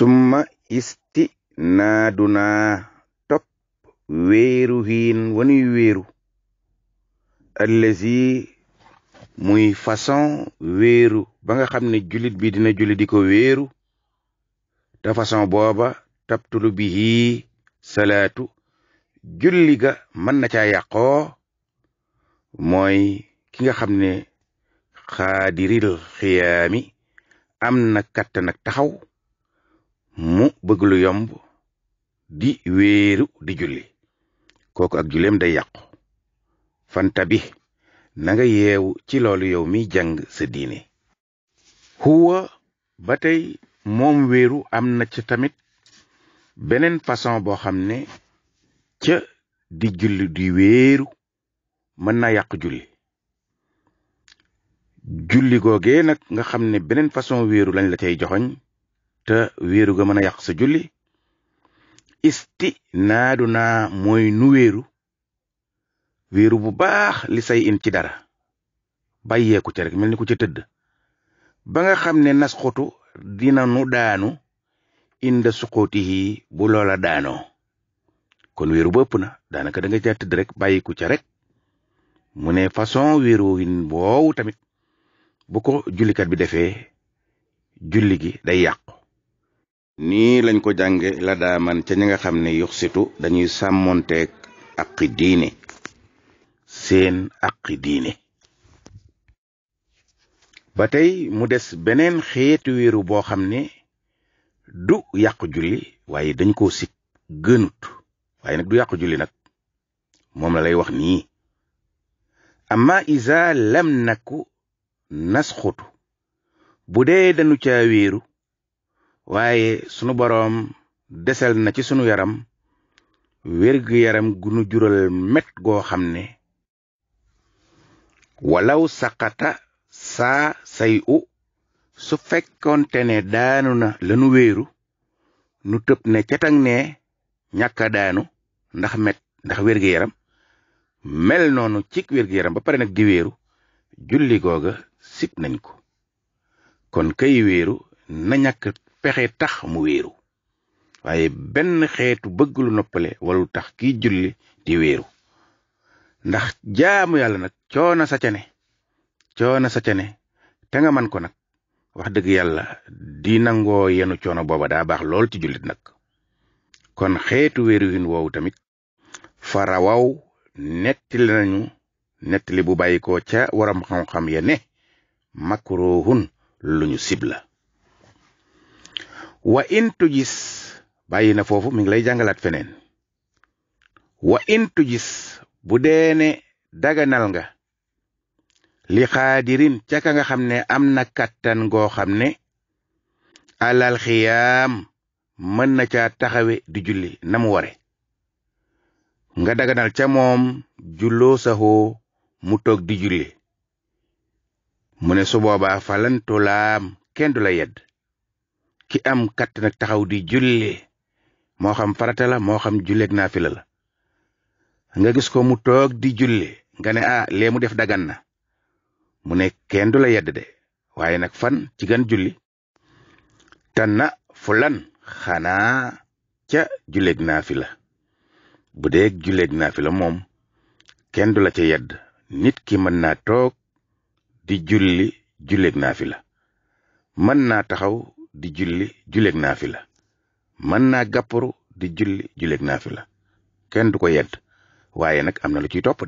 summa isti naa dunaa topp wéeru hiin wanuy wéeru muy façon wéeru ba nga xam ne jullit bi dina julli di ko wéeru façon booba tabtulu bihi salaatu julli ga mën na caa yàqoo mooy ki nga xam ne xaadiril xiyaami am na kàttan ak taxaw mu bëgg lu yomb di wéeru di julli kooku ak julleem day yàqu fanta bi na nga yeewu ci loolu yow mi jàng sa diine huwa ba tey moom wéeru am na ca tamit beneen façon boo xam ne ca di julli di wéeru mën na yàq julli julli googee nag nga xam ne beneen façon wéeru lañ la cay joxoñ te wéeru ga mën a yàq sa julli isti naadu naa mooy nu wéeru wéeru bu baax li say in ci dara bàyyeeku ca rek mel ni ku ca tëdd ba nga xam ne nasxutu dina nu daanu inda suqootihi bu loola daanoo kon wéeru ëpp na daanaka da nga ca tëdd rek bàyyiku ca rek mu ne façon wéeru win boowu tamit bu ko jullikat bi defee julli gi day yàqu ni lañ ko jànge la daaman ca ñi nga xam ne yuxsitu dañuy sàmmonteeg aqi diine seen aqi diine ba tey mu des beneen xeetu wéeru boo xam ne du yàqu julli waaye dañ koo sikk gënut waaye nag du yàqu julli nag moom la lay wax nii amma isa lam nakku nasxutu bu dee dañu caa wéeru waaye sunu boroom desal na ci sunu yaram wérgu yaram gunu jural met goo xam ne walaw saqata saa say u su fekkoonte ne daanu na lanu wéeru nu tëb ne cataŋ ne ñàkka daanu ndax met ndax wérgu yaram mel noonu cig wérgu yaram ba pare nag di wéeru julli googa sib nañ ko kon kay wéeru na ñàkk pexe tax mu wéeru waaye benn xeetu bëgg lu noppale walu tax kiy julli di wéeru ndax jaamu yàlla nag coona sacane cane sacane te nga man ko nag wax dëgg yàlla di nangoo yenu coono booba daa baax lool ci jullit nag kon xeetu wéeru win woowu tamit farawaw nettali nañu nettali bu bàyyi ko ca waram xam-xam ya ne makruhun lu ñu sib la wa in tujis bàyyi na foofu mi ngi lay jàngalaat feneen wa in tujis bu dee daganal nga li xaadirin ca ka nga xam ne am na kàttan goo xam ne alal xiyaam mën na caa taxawe di julli na mu ware nga daganal ca moom julloo saxoo mu toog di julli mu ne su boobaa falantu laam kenn du la yedd ki am kàttan nag taxaw di julli moo xam farata la moo xam julleeg naafila la nga gis ko mu toog di julli nga ne ah lee mu def dagan na mu ne kenn du la yedd de waaye nag fan ci gan julli tan na fulan xanaa ca julleeg naafila bu dee julleeg naafila moom kenn du la ca yedd nit ki mën naa toog di julli julleeg naafila mën naa taxaw di julli julleeg naafila mën na gàpparu di julli julleeg naafila kenn du ko yedd waaye nag am na lu ciy topp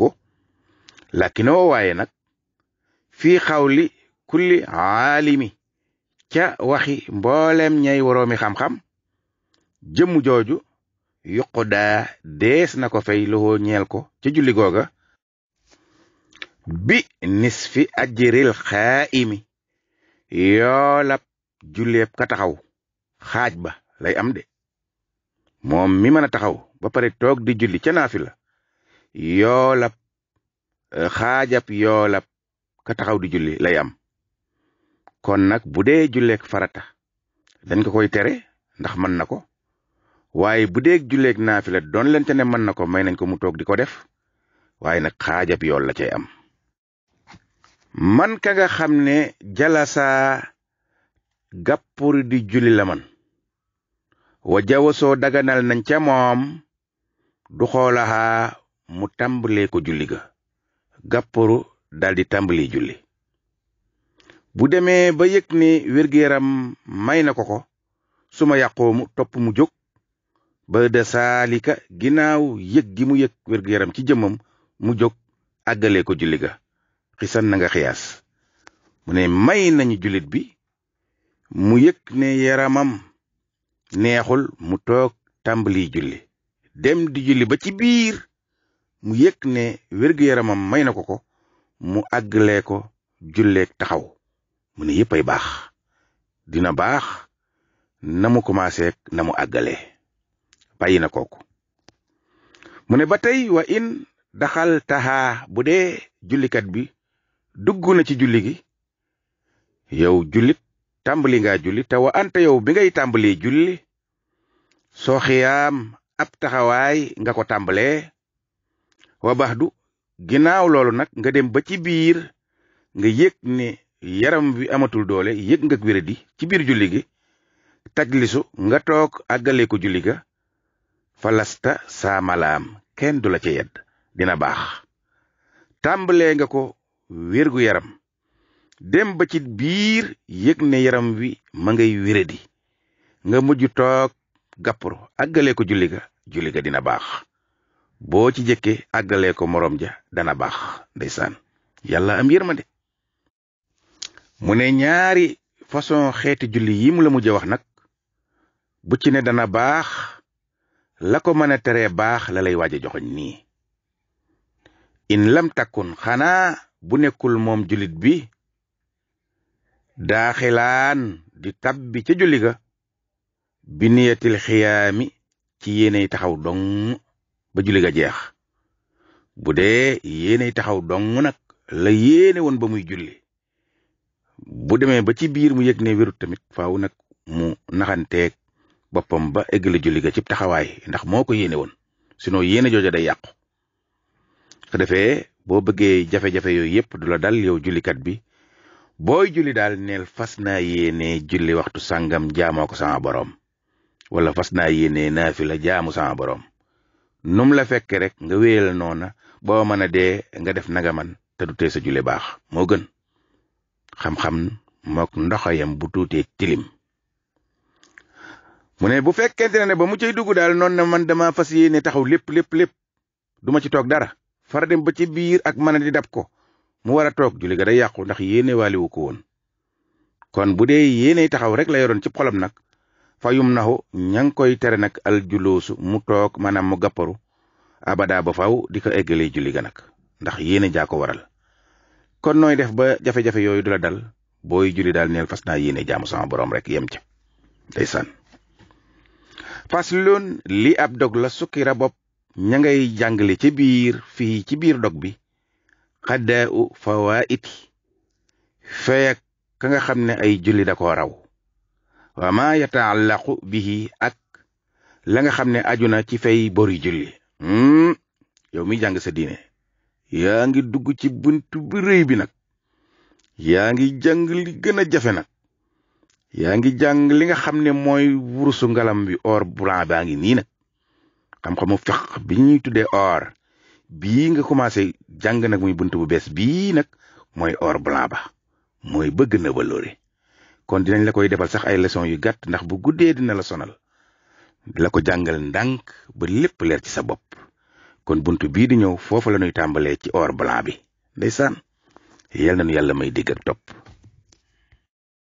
ko lakin woo waaye nag fii xawli kulli aalimi ca waxi mbooleem ñay woroomi xam-xam jëmm jooju yuqu daa dees na ko fay loxoo ñeel ko ca julli googa bi nisfi ajril xaa'imi yoolab julleeb ka taxaw xaaj ba lay am de moom mi mën a taxaw ba pare toog di julli ca naafi la yoolab eh, xaajab yoolab ka taxaw di juli lay am kon nag bu dee julleeg farata dañ ko koy tere ndax mën na ko waaye bu dee julleeg naafi la doon lente ne mën na ko may nañ ko mu toog di ko def waaye nag xaajab yool la cay am man ka xam ne jalasaa gàppuru di julli la man wa jawasoo daganal nañ ca moom du xoolaxaa mu tàmbalee ko julli ga gàppuru daldi tàmbali julli bu demee ba yëg ni wérgeeram may na ko ko suma yàqoo mu topp mu jóg ba de ginnaaw yëg gi mu yëg yaram ci jëmmam mu jóg àggalee ko julli ga xisan na nga xiyaas mu ne may nañu jullit bi mu yëg ne yaramam neexul mu toog tàmbali julli dem di julli ba ci biir mu yëg ne wér-gu-yaramam may na ko ko mu àggalee ko julleek taxaw mu ne yépp ay baax dina baax na mu commencé na mu àggalee bàyyi na kooku mu ne ba tey wa in daxal taxaa bu dee jullikat bi dugg na ci julli gi yow jullit tàmbali nga julli te wa anta yow bi ngay tàmbalee julli soo xiyaam ab taxawaay nga ko tàmbalee wa bax du ginnaaw loolu nag nga dem ba ci biir nga yëg ne yaram wi amatul doole yëg nga wéradi ci biir julli gi tajlisu nga toog àggale ko julli ga falasta saa malaam kenn du la ci yedd dina baax tàmbalee nga ko wérgu yaram dem ba ci biir yëg ne yaram wi ma ngay wéradi nga mujj toog gàppru àggalee ko julli ga julli ga dina baax boo ci jëkke àggalee ko moroom ja dana baax ndeysaan yàlla am yërmande mu ne ñaari façon xeeti julli yi mu la mujj wax nag bu ci ne dana baax la ko mën a teree baax la lay waaj a nii in lam takkun xanaa bu nekkul moom jullit bi daaxilaan di bi ca julli ga bi niyatil xiyaami ci yéenay taxaw dong ba julli jeex bu dee yéenay taxaw dong nag la yéene woon ba muy julli bu demee ba ci biir mu yëg ne wérut tamit faw nag mu naxanteeg boppam ba eggali julli ga ci taxawaay ndax moo ko yéene woon sinon yéene jooja day yàqu su defee boo bëggee jafe-jafe yooyu yépp du la dal yow jullikat bi booy julli daal neel fas naa yéene julli waxtu sàngam jaamoo ko sama boroom wala fas naa yéene naafila jaamu sama boroom num la fekk rek nga wéyal noona boo mën a dee nga def nanga man te du tee sa julli baax moo gën xam-xam mook ndoxayam bu tuutee tilim mu ne bu fekkente ne ba mu cay dugg daal noonu na man dama fas yéene taxaw lépp lépp lépp duma ci toog dara fara dem ba ci biir ak mën di dab ko mu war a toog julli ga day yàqu ndax yéene waaliwu ko woon kon bu dee yéene taxaw rek la yoroon ci xolam nag fayum naxu ña ngi koy tere nag al juloosu mu toog maanaam mu gàpparu abada ba faw di ko eggalee julli ga nag ndax yéene jaa ko waral kon nooy def ba jafe-jafe yooyu du la dal booy julli daal neel fas naa yéene jaamu sama boroom rek yem ca ndeysaan faslun li ab dog la sukkira bopp ña ngay jàngale ci biir fii ci biir dog bi xaddaa u fawaiti feyak ka nga xam ne ay julli da ko raw wa ma yataallaqu bihi ak la nga xam ne aju na ci fay bori julli hmm, yow mi jàng sa diine yaa ngi dugg ci bunt bu rëy bi nag yaa ngi jàng li gën a jafe nag yaa ngi jàng li nga xam ne mooy wurusu ngalam bi or blanc baa ngi nii nag xam-xamu fiq bi ñuy tuddee or bii nga commencé jàng nag muy bunt bu bees bii nag mooy or blanc ba mooy bëgg na waloore kon dinañ la koy defal sax ay leçon yu gàtt ndax bu guddee dina la sonal la ko jàngal ndànk ba lépp leer ci sa bopp kon bunt bii di ñëw foofu la ñuy tàmbalee ci or balan bi ndeysaan yal na nu yàlla mooy digga ak topp